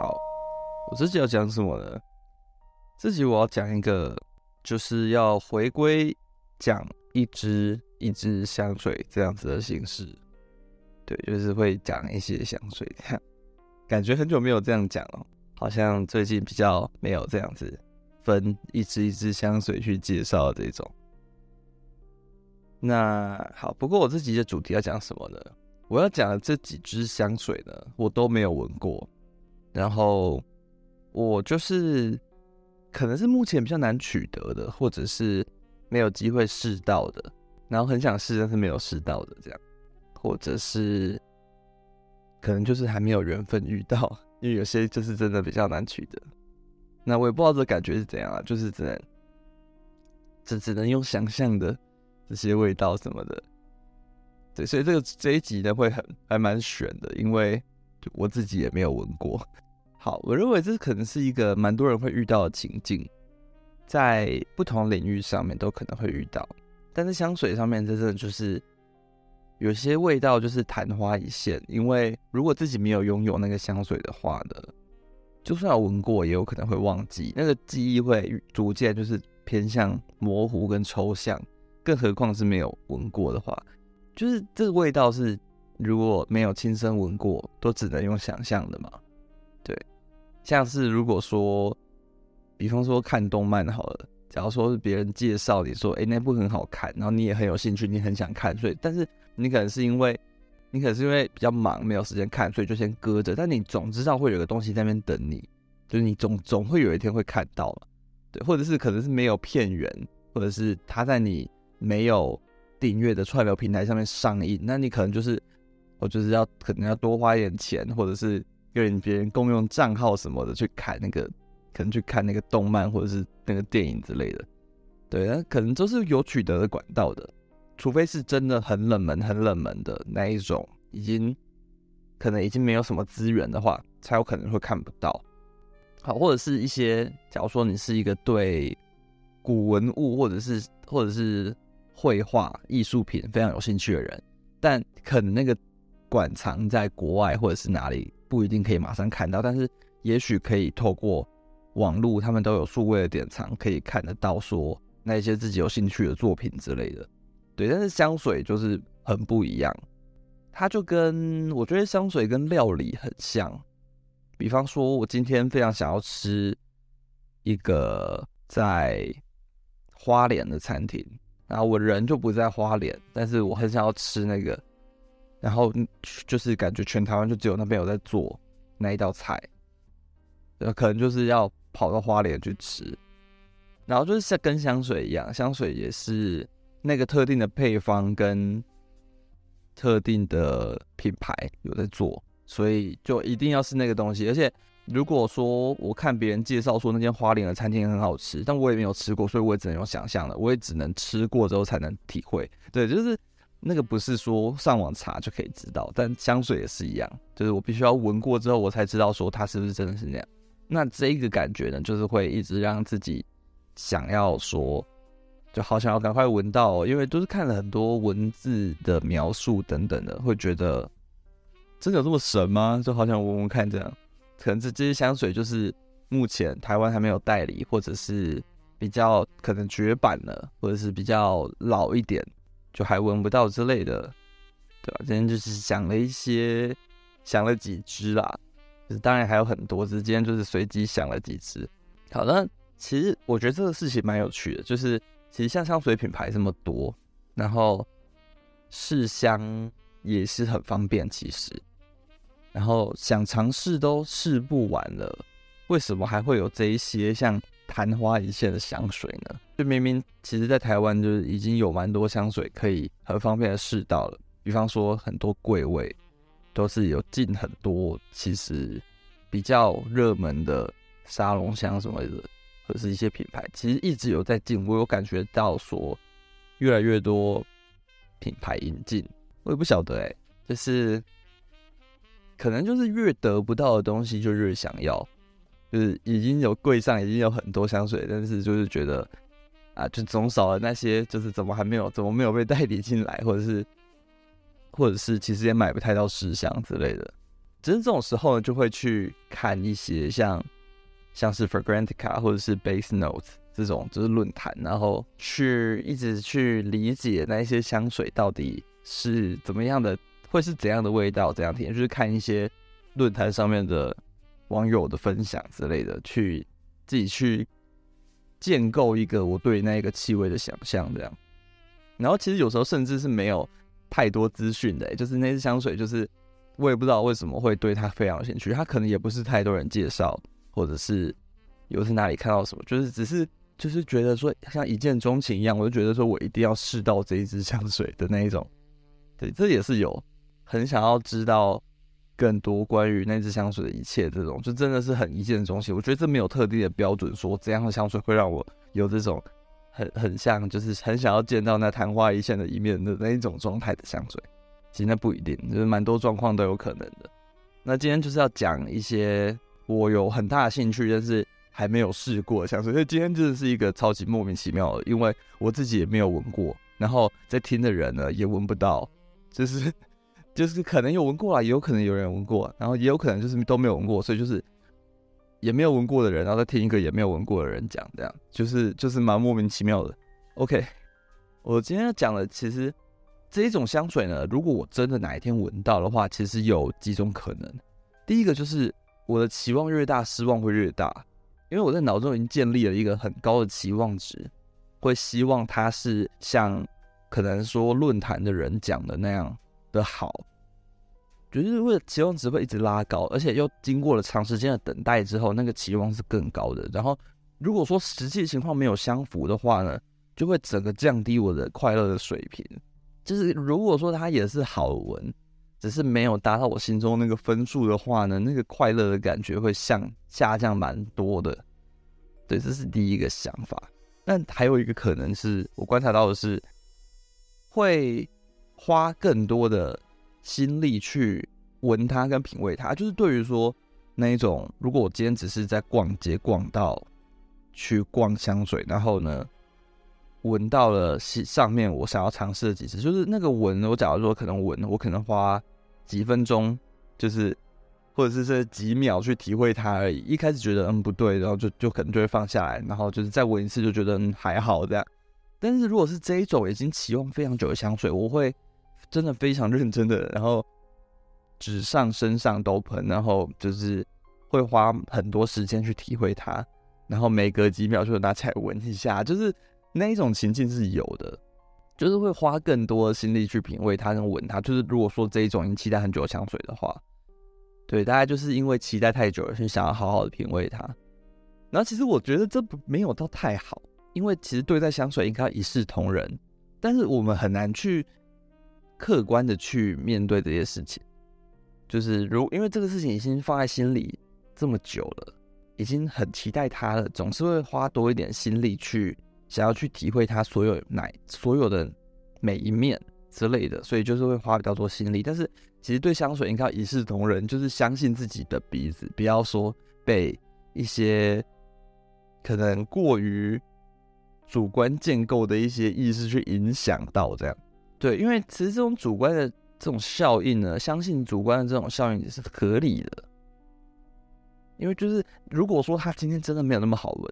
好，我這集要講什麼呢？這集我要講一個，就是要回歸講一支一支香水這樣子的形式，對，就是會講一些香水這樣。感覺很久沒有這樣講了哦，好像最近比較沒有這樣子分一支一支香水去介紹的這種。那好，不過我自己的主題要講什麼呢？我要講的這幾支香水呢，我都沒有聞過。然後我就是，可能是目前比較難取得的，或者是沒有機會試到的，然後很想試，但是沒有試到的這樣，或者是可能就是還沒有緣分遇到，因為有些就是真的比較難取得。那我也不知道這感覺是怎樣啊，就是只能只只能用想象的這些味道什麼的，對，所以這個這一集呢會很還蠻懸的，因為。我自己也沒有聞過。好，我認為這可能是一個蠻多人會遇到的情境，在不同領域上面都可能會遇到。但是香水上面，真的就是有些味道就是曇花一現，因為如果自己沒有擁有那個香水的話呢，就算要聞過，也有可能會忘記，那個記憶會逐漸就是偏向模糊跟抽象。更何況是沒有聞過的話，就是這個味道是。如果沒有親身聞過，都只能用想象的嘛。對，像是如果說，比方說看動漫好了，假如說是別人介紹你說，哎、欸，那部很好看，然後你也很有興趣，你很想看，所以，但是你可能是因為，你可能是因為比較忙，沒有時間看，所以就先擱着。但你總知道會有個東西在那邊等你，就是你總總會有一天會看到嘛。對，或者是可能是沒有片源，或者是他在你沒有訂閱的串流平台上面上映，那你可能就是。我就是要可能要多花一點錢，或者是跟別人共用賬號什麼的去看那個，可能去看那個動漫或者是那個電影之類的。對啊，可能都是有取得的管道的，除非是真的很冷門、很冷門的那一種，已經可能已經沒有什麼資源的話，才有可能會看不到。好，或者是一些，假如說你是一個對古文物或者是或者是繪畫藝術品非常有興趣的人，但可能那個。館藏在國外或者是哪裡，不一定可以馬上看到，但是也許可以透過網絡，他們都有數位的典藏，可以看得到說那些自己有興趣的作品之類的。對，但是香水就是很不一樣，它就跟我覺得香水跟料理很像。比方說我今天非常想要吃一個在花蓮的餐廳，然後我人就不在花蓮，但是我很想要吃那個。然後就是感覺全台灣就只有那邊有在做那一道菜，呃，可能就是要跑到花蓮去吃。然後就是像跟香水一樣，香水也是那個特定的配方跟特定的品牌有在做，所以就一定要是那個東西。而且如果說我看別人介紹說那間花蓮的餐廳很好吃，但我也沒有吃過，所以我也只能用想象了。我也只能吃過之後才能體會。對，就是。那個不是說上網查，就可以知道，但香水也是一樣，就是我必須要聞過之後，我才知道說它是不是真的是那樣。那這個感覺呢，就是會一直讓自己想要說，就好想要趕快聞到，因為都是看了很多文字的描述等等的，會覺得真的有這麼神嗎？就好想聞聞看這樣。可能這這些香水就是目前台灣還沒有代理，或者是比較可能絕版了，或者是比較老一點。就還聞不到之類的，對吧？今天就是想了一些，想了幾支啦，就是當然還有很多，今天就是隨機想了幾支。好，那，其實我覺得這個事情蠻有趣的，就是其實像香水品牌這麼多，然後試香也是很方便，其實，然後想嘗試都試不完了，為什麼還會有這一些像？曇花一現的香水呢？就明明其實，在台灣就是已經有蠻多香水可以很方便的試到了。比方說，很多櫃位都是有進很多，其實比較熱門的沙龍香什麼的，或者是一些品牌，其實一直有在進。我有感覺到說，越來越多品牌引進，我也不曉得哎、欸，就是可能就是越得不到的東西，就越想要。就是已經有櫃上已經有很多香水，但是就是覺得啊，就總少了那些，就是怎麼還沒有，怎麼沒有被代理進來，或者是，或者是其實也買不太到試香之類的。只是這種時候呢，就會去看一些像像是 Fragrantica 或者是 Base Notes 這種就是論壇，然後去一直去理解那些香水到底是怎麼樣的，會是怎樣的味道，怎樣體驗，就是看一些論壇上面的。網友的分享之類的，去自己去建構一個我對那一個氣味的想象，這樣。然後其實有時候甚至是沒有太多資訊的、欸，就是那支香水，就是我也不知道為什麼會對它非常有興趣，它可能也不是太多人介紹，或者是又是哪裡看到什麼，就是只是就是覺得說像一見鍾情一樣，我就覺得說我一定要試到這一支香水的那一種。對，這也是有很想要知道。更多關於那支香水的一切，這種就真的是很一見鍾情。我覺得這沒有特定的標準，說這樣的香水會讓我有這種很很像，就是很想要見到那曇花一現的一面的那一種狀態的香水。其實那不一定，就是蠻多狀況都有可能的。那今天就是要講一些我有很大的興趣，但是還沒有試過的香水。所以今天真的是一個超級莫名其妙的，因為我自己也沒有聞過，然後在聽的人呢也聞不到，就是。就是可能有聞過啦，也有可能有人聞過，然後也有可能就是都沒有聞過，所以就是也沒有聞過的人，然後再聽一個也沒有聞過的人講，這樣就是就是蠻莫名其妙的。OK，我今天要講的其實這一種香水呢，如果我真的哪一天聞到的話，其實有幾種可能。第一個就是我的期望越大，失望會越大，因為我在腦中已經建立了一個很高的期望值，會希望它是像可能說論壇的人講的那樣。的好，就是為期望值會一直拉高，而且又經過了長時間的等待之後，那個期望是更高的。然後，如果說實際情況沒有相符的話呢，就會整個降低我的快樂的水平。就是如果說它也是好聞，只是沒有達到我心中那個分數的話呢，那個快樂的感覺會像下降蠻多的。對，這是第一個想法。那還有一個可能是我觀察到的是會。花更多的心力去聞它跟品味它，就是對於說那一種，如果我今天只是在逛街逛到去逛香水，然後呢，聞到了上面我想要嘗試的幾次，就是那個聞，我假如說可能聞，我可能花幾分鐘，就是或者是這幾秒去體會它而已。一開始覺得嗯不對，然後就就可能就會放下來，然後就是再聞一次就覺得嗯還好這樣。但是如果是這一種已經期望非常久的香水，我會。真的非常認真的，然後紙上、身上都噴，然後就是會花很多時間去體會它，然後每隔幾秒就拿起來聞一下，就是那一種情境是有的，就是會花更多的心力去品味它，跟聞它。就是如果說這一種你期待很久香水的話，對，大概就是因為期待太久了，所以想要好好的品味它。然後其實我覺得這不沒有到太好，因為其實對待香水應該一視同仁，但是我們很難去。客觀的去面對這些事情，就是如因為這個事情已經放在心裡這麼久了，已經很期待他了，總是會花多一點心力去想要去體會他所有奶所有的每一面之類的，所以就是會花比較多心力。但是其實對香水應該要一視同仁，就是相信自己的鼻子，不要說被一些可能過於主觀建構的一些意識去影響到這樣。對，因為其實這種主觀的這種效應呢，相信主觀的這種效應也是合理的。因為就是如果說他今天真的沒有那麼好聞，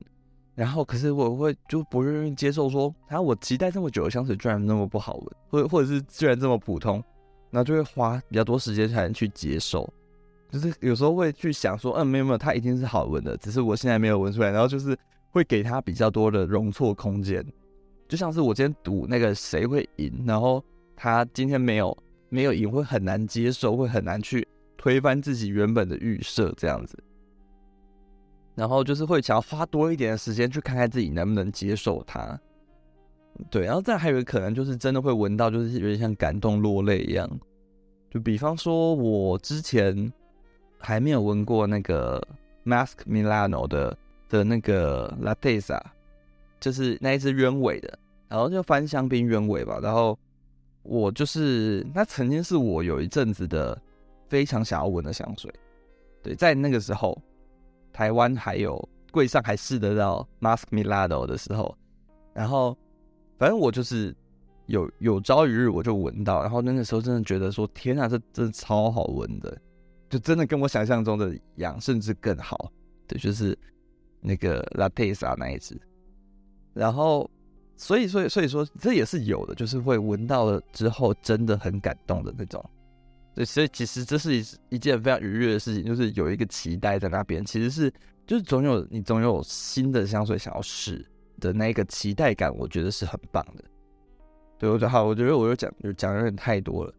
然後可是我會就不願意接受說，他。我期待這麼久的香水居然那麼不好聞，或者或者是居然這麼普通，那就會花比較多時間才能去接受。就是有時候會去想說，嗯、啊，沒有沒有，它一定是好聞的，只是我現在沒有聞出來，然後就是會給他比較多的容錯空間。就像是我今天賭那個誰會贏，然後他今天沒有沒有贏，會很難接受，會很難去推翻自己原本的預設這樣子，然後就是會想要花多一點的時間去看看自己能不能接受它，對，然後再還有一個可能就是真的會聞到，就是有點像感動落淚一樣，就比方說我之前還沒有聞過那個 Masque Milano 的的那個 L'attesa。就是那一隻鳶尾的，然後就翻香檳鳶尾吧。然後我就是，那曾經是我有一陣子的非常想要聞的香水。對，在那個時候，台灣還有櫃上還試得到 Masque Milano 的時候，然後反正我就是有有朝一日我就聞到，然後那個時候真的覺得說天啊，這真的超好聞的，就真的跟我想象中的一樣，甚至更好。對，就是那個 L'attesa 那一隻。然後，所以，所以，所以說，這也是有的，就是會聞到了之後真的很感動的那種。對，所以其實這是一一件非常愉悅的事情，就是有一個期待在那邊，其實是就是總有你總有新的香水想要試的那個期待感，我覺得是很棒的。對，我覺得好，我覺得我又講就講有點太多了。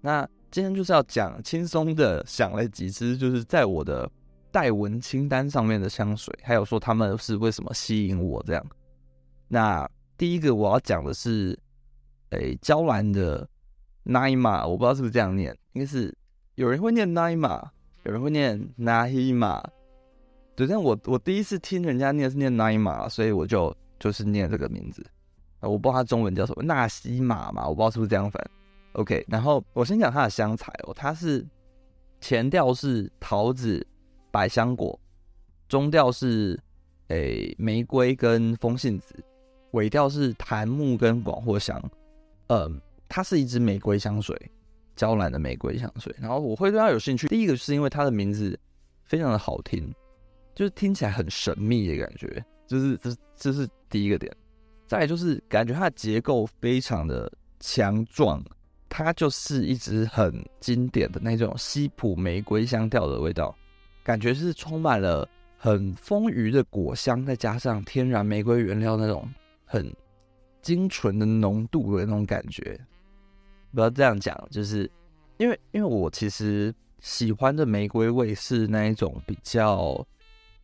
那今天就是要講輕鬆的，想了幾支就是在我的待聞清單上面的香水，還有說他們是為什麼吸引我這樣。那第一個我要講的是，誒、欸，嬌蘭的 Naima，我不知道是不是這樣念，應該是有人會念 Naima，有人會念 Nahema。對，但我我第一次聽人家念是念 Naima，所以我就就是念這個名字。我不知道它中文叫什麼，納西瑪嘛，我不知道是不是這樣翻。OK，然後我先講它的香材哦，它是前調是桃子、百香果，中調是誒、欸，玫瑰跟風信子。尾調是檀木跟廣藿香，嗯，它是一支玫瑰香水，嬌蘭的玫瑰香水。然後我會對它有興趣，第一個是因為它的名字非常的好聽，就是聽起來很神秘的感覺，就是這是這是第一個點。再來就是感覺它的結構非常的強壯，它就是一支很經典的那種西普玫瑰香調的味道，感覺是充滿了很豐腴的果香，再加上天然玫瑰原料那種。很精純的濃度的那種感覺，不要這樣講，就是因為因為我其實喜歡的玫瑰味是那一種比較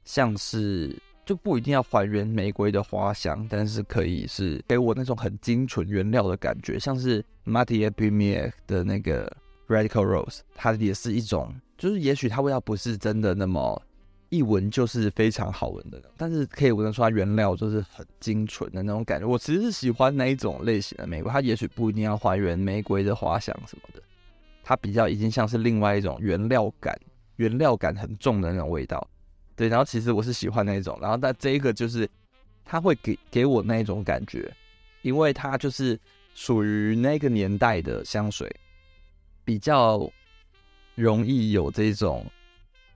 像是，就不一定要還原玫瑰的花香，但是可以是給我那種很精純原料的感覺，像是 Matiere Premiere 的那個 Radical Rose，它也是一種，就是也許它味道不是真的那麼。一聞就是非常好聞的，但是可以聞得出來原料就是很精純的那種感覺。我其實是喜歡那一種類型的玫瑰，它也許不一定要還原玫瑰的花香什麼的，它比較已經像是另外一種原料感，原料感很重的那種味道。對，然後其實我是喜歡那一種，然後但這一個就是它會給給我那一種感覺，因為它就是屬於那個年代的香水，比較容易有這種。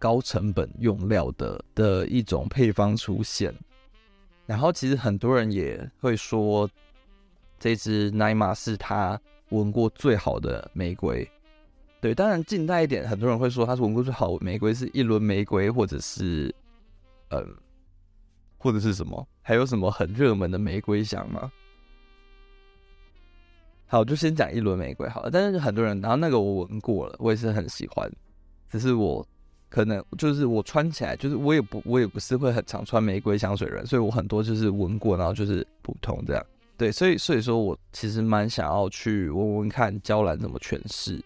高成本用料的的一種配方出現，然後其實很多人也會說這只 Nahema 是他聞過最好的玫瑰。對，當然近代一點，很多人會說他是聞過最好的玫瑰，是一輪玫瑰，或者是嗯、呃，或者是什麼？還有什麼很熱門的玫瑰香嗎？好，就先講一輪玫瑰好了。但是很多人，然後那個我聞過了，我也是很喜歡，只是我。可能就是我穿起來，就是我也不，我也不是會很常穿玫瑰香水的人，所以我很多就是聞過，然後就是普通這樣。對，所以所以說，我其實蠻想要去聞聞看嬌蘭怎麼詮釋。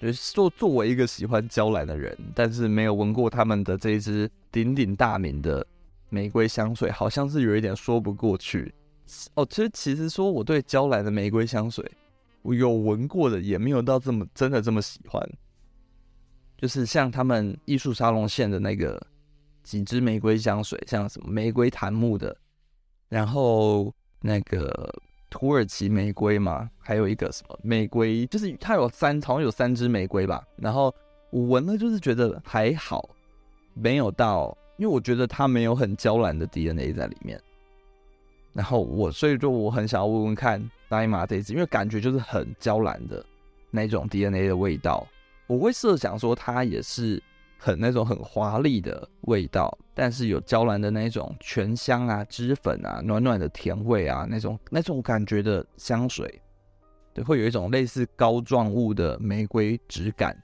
就是作作為一個喜歡嬌蘭的人，但是沒有聞過他們的這一支鼎鼎大名的玫瑰香水，好像是有一點說不過去。哦，其實其實說我對嬌蘭的玫瑰香水，我有聞過的，也沒有到這麼真的這麼喜歡。就是像他們藝術沙龍線的那個幾支玫瑰香水，像什麼玫瑰檀木的，然後那個土耳其玫瑰嘛，還有一個什麼玫瑰，就是它有三，好像有三支玫瑰吧。然後我聞了，就是覺得還好，沒有到，因為我覺得它沒有很嬌蘭的 DNA 在裡面。然後我所以就我很想要問問看大姨媽這一支，因為感覺就是很嬌蘭的那種 DNA 的味道。我會設想說它也是很那種很華麗的味道，但是有嬌蘭的那種醛香啊、脂粉啊、暖暖的甜味啊那種那種感覺的香水，對，會有一種類似膏狀物的玫瑰質感，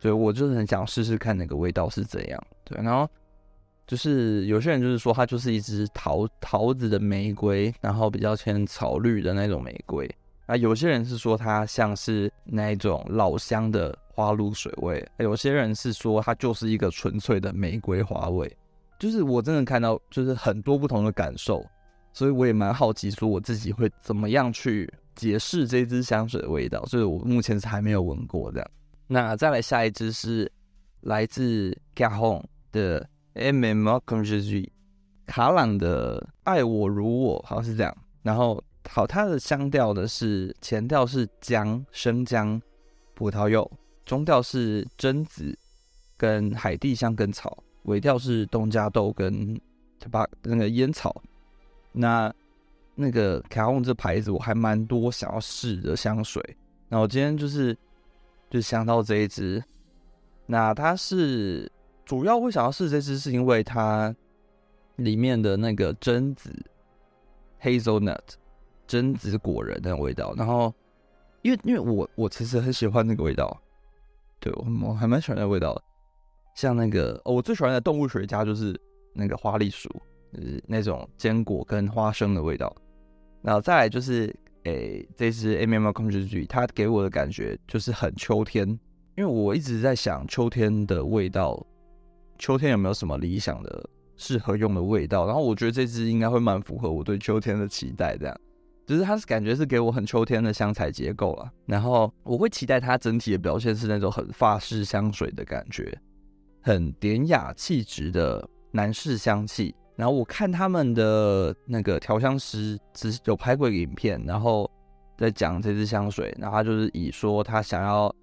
所以我就很想試試看那個味道是怎樣。對，然後就是有些人就是說它就是一支桃桃子的玫瑰，然後比較偏草綠的那種玫瑰，啊，有些人是說它像是那一種老香的。花露水味、欸，有些人是說它就是一個純粹的玫瑰花味，就是我真的看到就是很多不同的感受，所以我也蠻好奇說我自己會怎麼樣去解釋這支香水的味道，所以我目前是還沒有聞過這樣。那再來下一支是來自 Caron 的 Aimez Moi Comme Je Suis 卡朗的愛我如我，好像是這樣。然後好，它的香調的是前調是薑、生薑、葡萄柚。中調是榛子跟海地香根草，尾調是東加豆跟 tobac 那個煙草。那那個 Caron 這牌子我還蠻多想要試的香水。那我今天就是就想到這一支。那它是主要會想要試這支，是因為它裡面的那個榛子，hazelnut 榛子果仁那種味道。然後因為因為我我其實很喜歡那個味道。對，我還蠻喜歡那味道的，像那個、哦、我最喜歡的動物學家就是那個花栗鼠，就是那種堅果跟花生的味道。然後再來就是，誒、欸，這支 M M L c o n t r 它給我的感覺就是很秋天，因為我一直在想秋天的味道，秋天有沒有什麼理想的適合用的味道？然後我覺得這支應該會蠻符合我對秋天的期待，這樣。只是它是感覺是給我很秋天的香材結構了，然後我會期待它整體的表現是那種很法式香水的感覺，很典雅氣質的男士香氣。然後我看他們的那個調香師是有拍過一個影片，然後在講這支香水，然後他就是以說他想要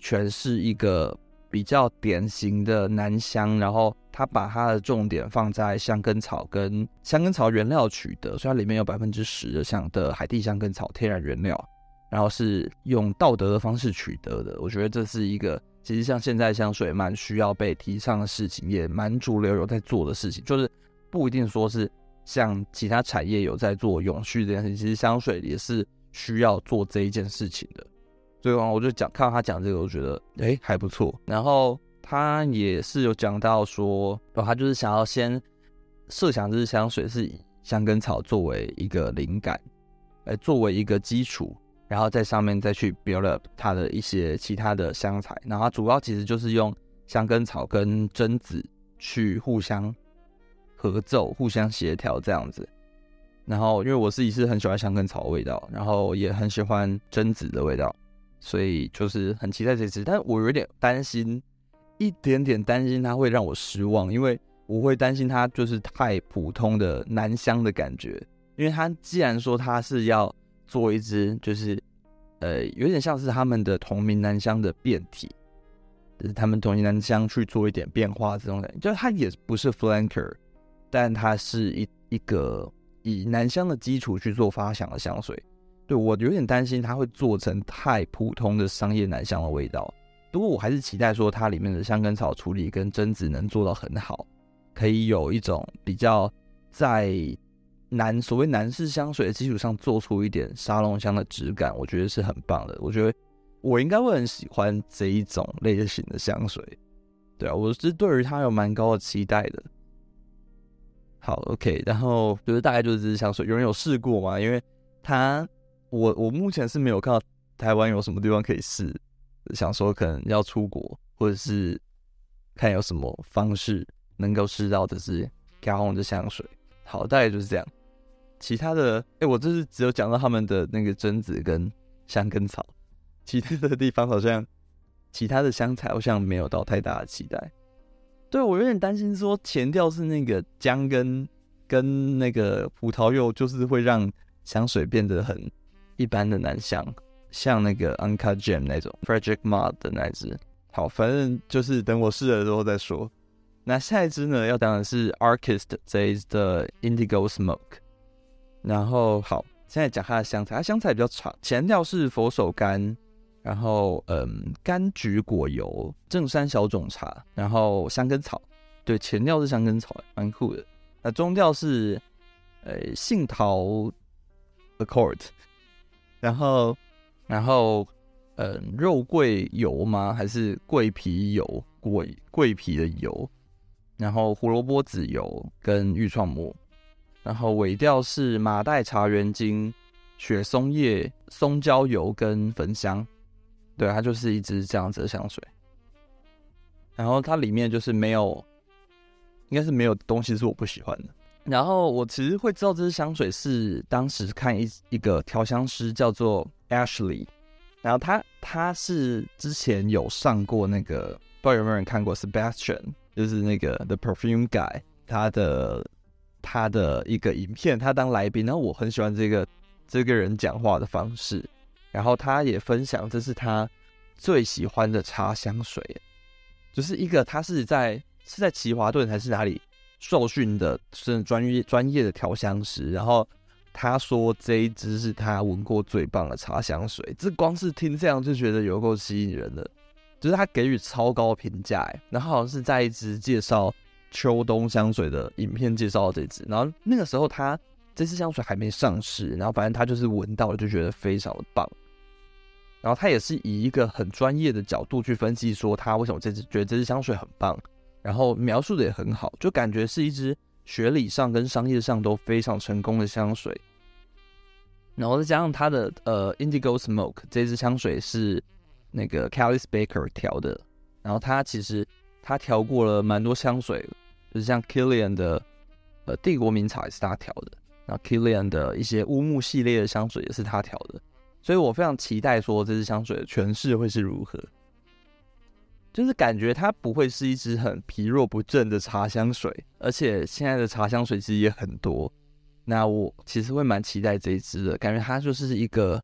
詮釋一個。比較典型的男香，然後它把它的重點放在香根草跟香根草原料取得，所以它裡面有百分之十的香的海地香根草天然原料，然後是用道德的方式取得的。我覺得這是一個，其實像現在香水蠻需要被提倡的事情，也蠻主流有在做的事情，就是不一定說是像其他產業有在做永續這件事情，其實香水也是需要做這一件事情的。對啊，所以我就講看到他講這個，我覺得哎、欸、還不錯。然後他也是有講到說，然後他就是想要先設想這支香水是以香根草作為一個靈感，來、欸、作為一個基礎，然後在上面再去 build up 它的一些其他的香材。然後它主要其實就是用香根草跟榛子去互相合奏、互相協調這樣子。然後因為我自己是很喜歡香根草的味道，然後也很喜歡榛子的味道。所以就是很期待這支，但我有點擔心，一點點擔心它會讓我失望，因為我會擔心它就是太普通的男香的感覺，因為它既然說它是要做一支，就是呃有點像是他們的同名男香的變體，就是他們同名男香去做一點變化這種感覺，就是它也不是 flanker，但它是一一個以男香的基礎去做發想的香水。對，我有點擔心，它會做成太普通的商業男香的味道。不過我還是期待說它裡面的香根草處理跟榛子能做到很好，可以有一種比較在男所謂男士香水的基礎上做出一點沙龍香的質感，我覺得是很棒的。我覺得我應該會很喜歡這一種類型的香水。對啊，我是對於它有蠻高的期待的。好，OK，然後就是大概就是這支香水有人有試過嗎？因為它。我我目前是沒有看到台灣有什麼地方可以試，想說可能要出國，或者是看有什麼方式能夠試到的是卡紅的香水。好，大概就是這樣。其他的，哎、欸，我就是只有講到他們的那個榛子跟香根草，其他的地方好像其他的香材好像沒有到太大的期待。對，我有點擔心說前調是那個薑跟跟那個葡萄柚，就是會讓香水變得很。一般的男香，像那個 Uncle Jam 那種 Frederic Malle 的那一隻。好，反正就是等我試了之後再說。那下一支呢，要講的是 Arquiste 這一隻的 Indigo Smoke，然後好，現在講它的香材，它香材比較長，前調是佛手柑，然後嗯柑橘果油、正山小種茶，然後香根草。對，前調是香根草，蠻酷的。那中調是呃杏桃 Accord。然後，然後，嗯，肉桂油嗎？還是桂皮油？桂桂皮的油。然後胡蘿蔔籽油跟愈創木。然後尾調是馬黛茶、原精、雪松葉、松焦油跟焚香。對，它就是一支這樣子的香水。然後它裡面就是沒有，應該是沒有東西是我不喜歡的。然後我其實會知道這支香水是當時看一一個調香師叫做 Ashley，然後他他是之前有上過那個不知道有沒有人看過，Sebastian 就是那個 The Perfume Guy 他的他的一個影片，他當來賓，然後我很喜歡這個這個人講話的方式，然後他也分享這是他最喜歡的茶香水，就是一個他是在是在奇華頓還是哪裡？受訓的是專業專業的調香師，然後他說，這一支是他聞過最棒的茶香水，這光是聽這樣就覺得有夠吸引人的，就是他給予超高評價，然後好像是在一支介紹秋冬香水的影片介紹這一支，然後那個時候他這支香水還沒上市，然後反正他就是聞到了就覺得非常的棒，然後他也是以一個很專業的角度去分析說他為什麼這支覺得這支香水很棒。然後描述的也很好，就感覺是一支學理上跟商業上都非常成功的香水。然後再加上它的呃 Indigo Smoke 這支香水是那個 Calice Becker 調的，然後他其實他調過了蠻多香水，就是像 Kilian 的呃帝國名茶也是他調的，然後 Kilian 的一些烏木系列的香水也是他調的，所以我非常期待說這支香水的詮釋會是如何。就是感覺它不會是一支很疲弱不振的茶香水，而且現在的茶香水其實也很多，那我其實會蠻期待這一支的，感覺它就是一個，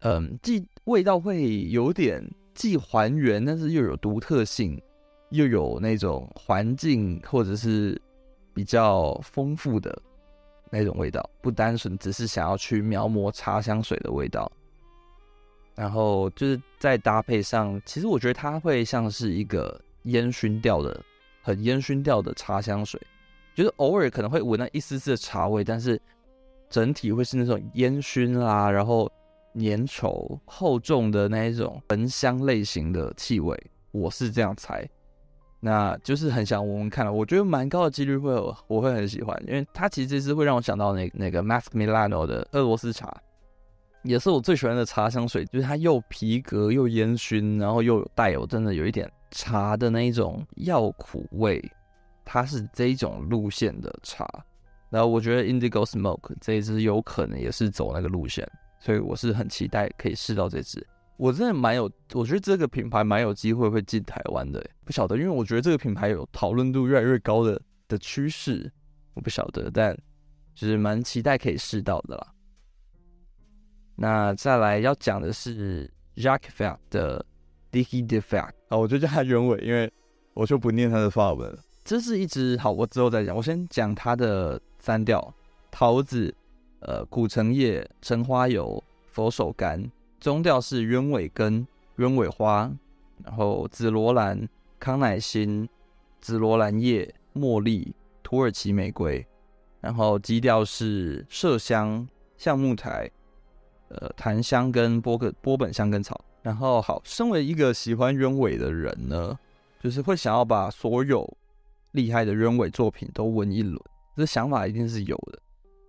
嗯，既味道會有點既還原，但是又有獨特性，又有那種環境或者是比較豐富的那種味道，不單純只是想要去描摹茶香水的味道。然後就是再搭配上，其實我覺得它會像是一個煙燻調的，很煙燻調的茶香水，就是偶爾可能會聞到一絲絲的茶味，但是整體會是那種煙燻啦，然後粘稠厚重的那一種焚香類型的氣味，我是這樣猜。那就是很想聞聞看了，我覺得蠻高的幾率會有，我會很喜歡，因為它其實是會讓我想到那那個 Masque Milano 的俄羅斯茶。也是我最喜歡的茶香水，就是它又皮革又煙熏，然後又有帶有真的有一點茶的那一種藥苦味，它是這一種路線的茶。然後我覺得 Indigo Smoke 這一支有可能也是走那個路線，所以我是很期待可以試到這支。我真的蠻有，我覺得這個品牌蠻有機會會進台灣的，不曉得，因為我覺得這個品牌有討論度越來越高的的趨勢，我不曉得，但就是蠻期待可以試到的啦。那再來要講的是 Jacques Fath 的 L'Iris de Fath 啊，我就叫他鳶尾，因為我就不念他的法文了。這是一支好，我之後再講。我先講它的三調：桃子、呃，苦橙葉、橙花油、佛手柑。中調是鳶尾根、鳶尾花，然後紫羅蘭、康乃馨、紫羅蘭葉、茉莉、土耳其玫瑰。然後基調是麝香、橡木苔。呃，檀香跟波格波本香根草，然後好，身為一個喜歡鳶尾的人呢，就是會想要把所有厲害的鳶尾作品都聞一輪，這想法一定是有的。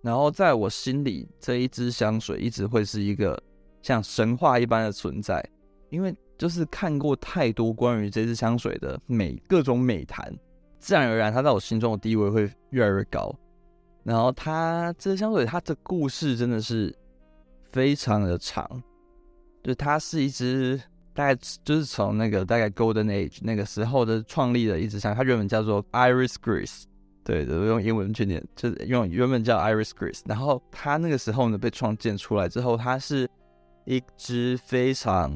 然後在我心裡，這一支香水一直會是一個像神話一般的存在，因為就是看過太多關於這支香水的美、各種美談，自然而然它在我心中的地位會越來越高。然後它這支香水它的故事真的是。非常的長，就它是一支大概就是從那個大概 Golden Age 那個時候的創立的一支香，它原本叫做 Iris Gris，對,對對，用英文去念，就是用原本叫 Iris Gris。然後它那個時候呢被創建出來之後，它是一支非常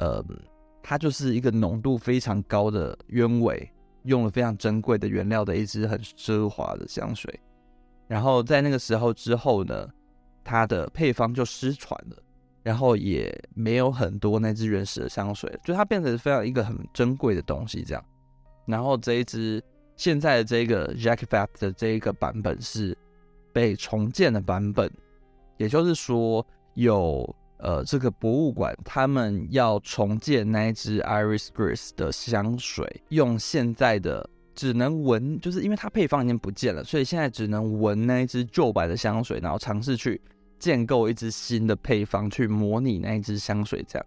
呃，它就是一個濃度非常高的鳶尾，用了非常珍貴的原料的一支很奢華的香水。然後在那個時候之後呢？它的配方就失傳了，然後也沒有很多那支原始的香水，就它變成非常一個很珍貴的東西這樣。然後這一支現在的這個 Jacques Fath 的這一個版本是被重建的版本，也就是說有呃這個博物館他們要重建那一支 Iris Gris 的香水，用現在的只能聞，就是因為它配方已經不見了，所以現在只能聞那一支舊版的香水，然後嘗試去。建構一支新的配方去模擬那一支香水，這樣，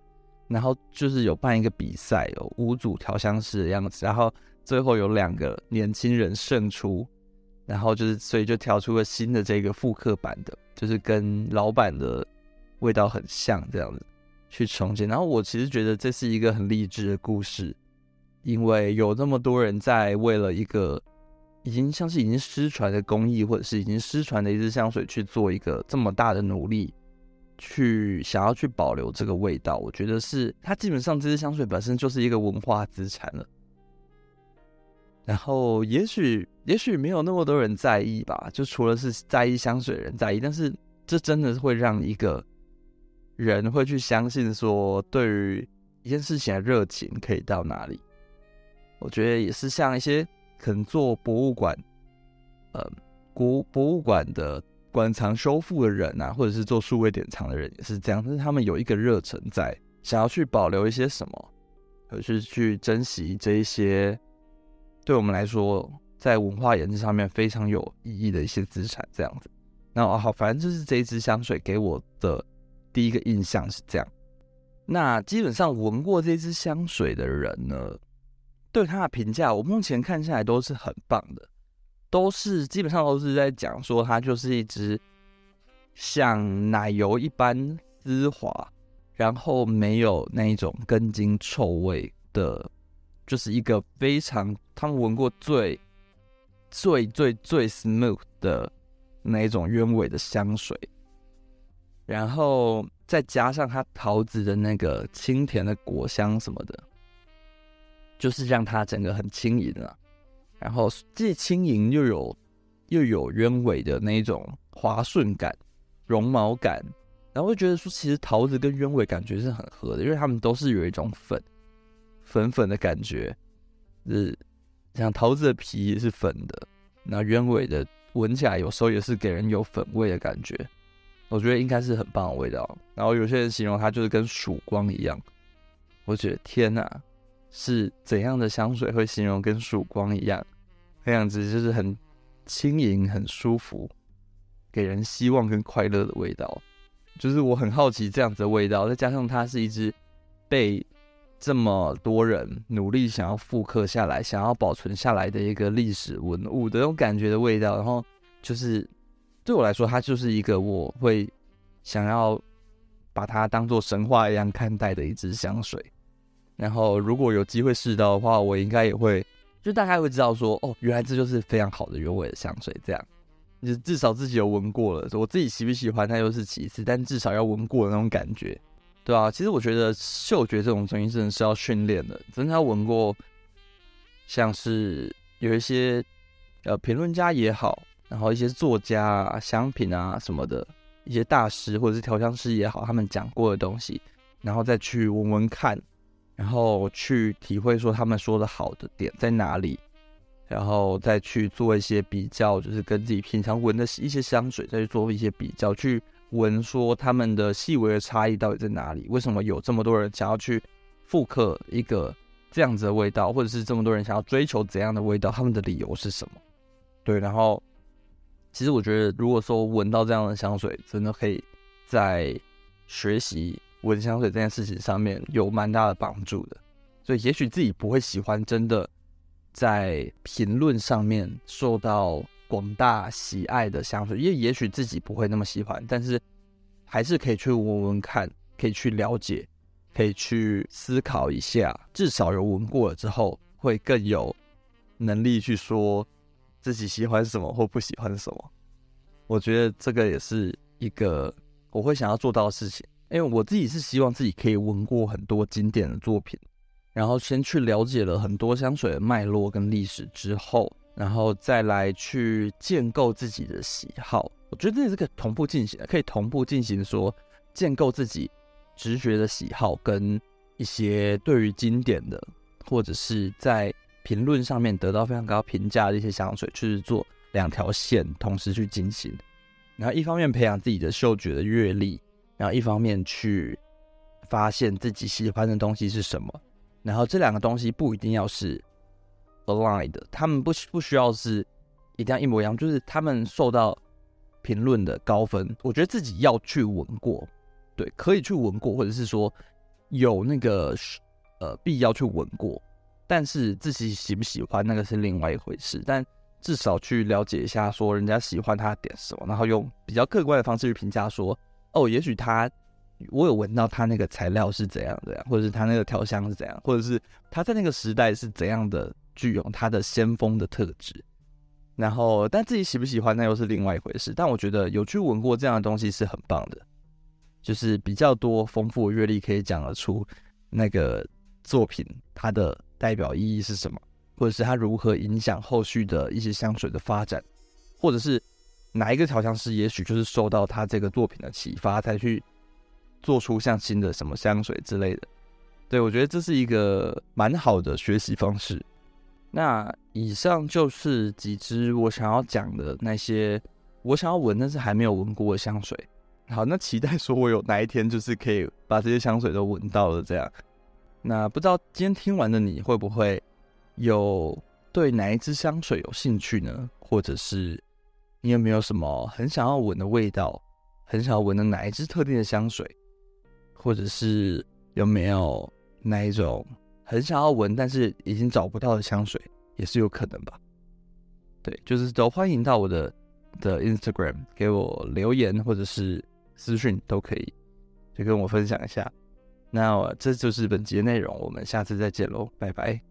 然後就是有辦一個比賽哦，有五組調香師的樣子，然後最後有兩個年輕人勝出，然後就是所以就調出了新的這個複刻版的，就是跟老版的味道很像這樣子去重建。然後我其實覺得這是一個很勵志的故事，因為有那麼多人在為了一個。已經像是已經失傳的工藝，或者是已經失傳的一支香水，去做一個這麼大的努力，去想要去保留這個味道，我覺得是它基本上這支香水本身就是一個文化資產了。然後也許也許沒有那麼多人在意吧，就除了是在意香水的人在意，但是這真的是會讓一個人會去相信說，對於一件事情的熱情可以到哪裡？我覺得也是像一些。可能做博物館，呃，國博物館的館藏修復的人啊，或者是做數位典藏的人，也是這樣。但是他們有一個熱忱在，想要去保留一些什麼，而、就是去珍惜這一些，對我們來說，在文化研究上面非常有意義的一些資產。這樣子，那、哦、好，反正就是這一支香水給我的第一個印象是這樣。那基本上聞過這支香水的人呢，對它的評價，我目前看下來，都是很棒的，都是基本上，都是在講說它，就是一支像奶油一般絲滑，然後沒有那一種根莖臭味的，就是一個非常他們聞過最最最最 smooth 的那一種鳶尾的香水，然後再加上它桃子的那個清甜的果香什麼的。就是讓它整個很輕盈了、啊，然後既輕盈又有又有鳶尾的那一種滑順感、絨毛感，然後會覺得說，其實桃子跟鳶尾感覺是很合的，因為他們都是有一種粉粉粉的感覺。是，像桃子的皮是粉的，那鳶尾的聞起來有時候也是給人有粉味的感覺，我覺得應該是很棒的味道。然後有些人形容它就是跟曙光一樣，我覺得天哪、啊！是怎樣的香水會形容跟曙光一樣，那樣子就是很輕盈、很舒服，給人希望跟快樂的味道。就是我很好奇這樣子的味道，再加上它是一支被這麼多人努力想要復刻下來、想要保存下來的一個歷史文物的那種感覺的味道。然後就是對我來說，它就是一個我會想要把它當做神話一樣看待的一支香水。然後，如果有機會試到的話，我應該也會，就大概會知道說，哦，原來這就是非常好的原味的香水。這樣，你至少自己有聞過了。我自己喜不喜歡它又是其次，但至少要聞過的那種感覺，對啊。其實我覺得嗅覺這種東西真的是要訓練的。真的，要聞過，像是有一些呃評論家也好，然後一些作家、啊、香品啊什麼的一些大師或者是調香師也好，他們講過的東西，然後再去聞聞看。然後去體會說他們說的好的點在哪裡，然後再去做一些比較，就是跟自己平常聞的一些香水，再去做一些比較，去聞說他們的細微的差異到底在哪裡？為什麼有這麼多人想要去復刻一個這樣子的味道，或者是這麼多人想要追求怎樣的味道？他們的理由是什麼？對，然後其實我覺得，如果說聞到這樣的香水，真的可以在學習。聞香水這件事情上面有蠻大的幫助的，所以也許自己不會喜歡，真的在評論上面受到廣大喜愛的香水，也也許自己不會那麼喜歡，但是還是可以去聞聞看，可以去了解，可以去思考一下，至少有聞過了之後，會更有能力去說自己喜歡什麼或不喜歡什麼。我覺得這個也是一個我會想要做到的事情。因為、欸、我自己是希望自己可以聞過很多經典的作品，然後先去了解了很多香水的脈絡跟歷史之後，然後再來去建構自己的喜好。我覺得這也是可以同步進行的，可以同步進行說建構自己直覺的喜好跟一些對於經典的或者是在評論上面得到非常高評價的一些香水，去、就是、做兩條線同時去進行。然後一方面培養自己的嗅覺的閱歷。然後一方面去發現自己喜歡的東西是什麼，然後這兩個東西不一定要是 aligned，他們不需不需要是一定要一模一樣，就是他們受到評論的高分，我覺得自己要去聞過，對，可以去聞過，或者是說有那個呃必要去聞過，但是自己喜不喜歡那個是另外一回事，但至少去了解一下，說人家喜歡他點什麼，然後用比較客觀的方式去評價說。哦，也許他，我有聞到他那個材料是怎樣的，或者是他那個調香是怎樣，或者是他在那個時代是怎樣的具有他的先鋒的特質。然後，但自己喜不喜歡那又是另外一回事。但我覺得有去聞過這樣的東西是很棒的，就是比較多豐富的閱歷可以講得出那個作品它的代表意義是什麼，或者是它如何影響後續的一些香水的發展，或者是。哪一個調香師也許就是受到他這個作品的啟發，才去做出像新的什麼香水之類的。對，我覺得這是一個蠻好的學習方式。那以上就是幾支我想要講的那些我想要聞但是還沒有聞過的香水。好，那期待說我有哪一天就是可以把這些香水都聞到了這樣。那不知道今天聽完的你會不會有對哪一支香水有興趣呢？或者是？你有沒有什麼很想要聞的味道？很想要聞的哪一支特定的香水？或者是有沒有哪一種很想要聞但是已經找不到的香水，也是有可能吧？對，就是都歡迎到我的的 Instagram 給我留言或者是私訊都可以，就跟我分享一下。那這就是本集的內容，我們下次再見嘍，拜拜。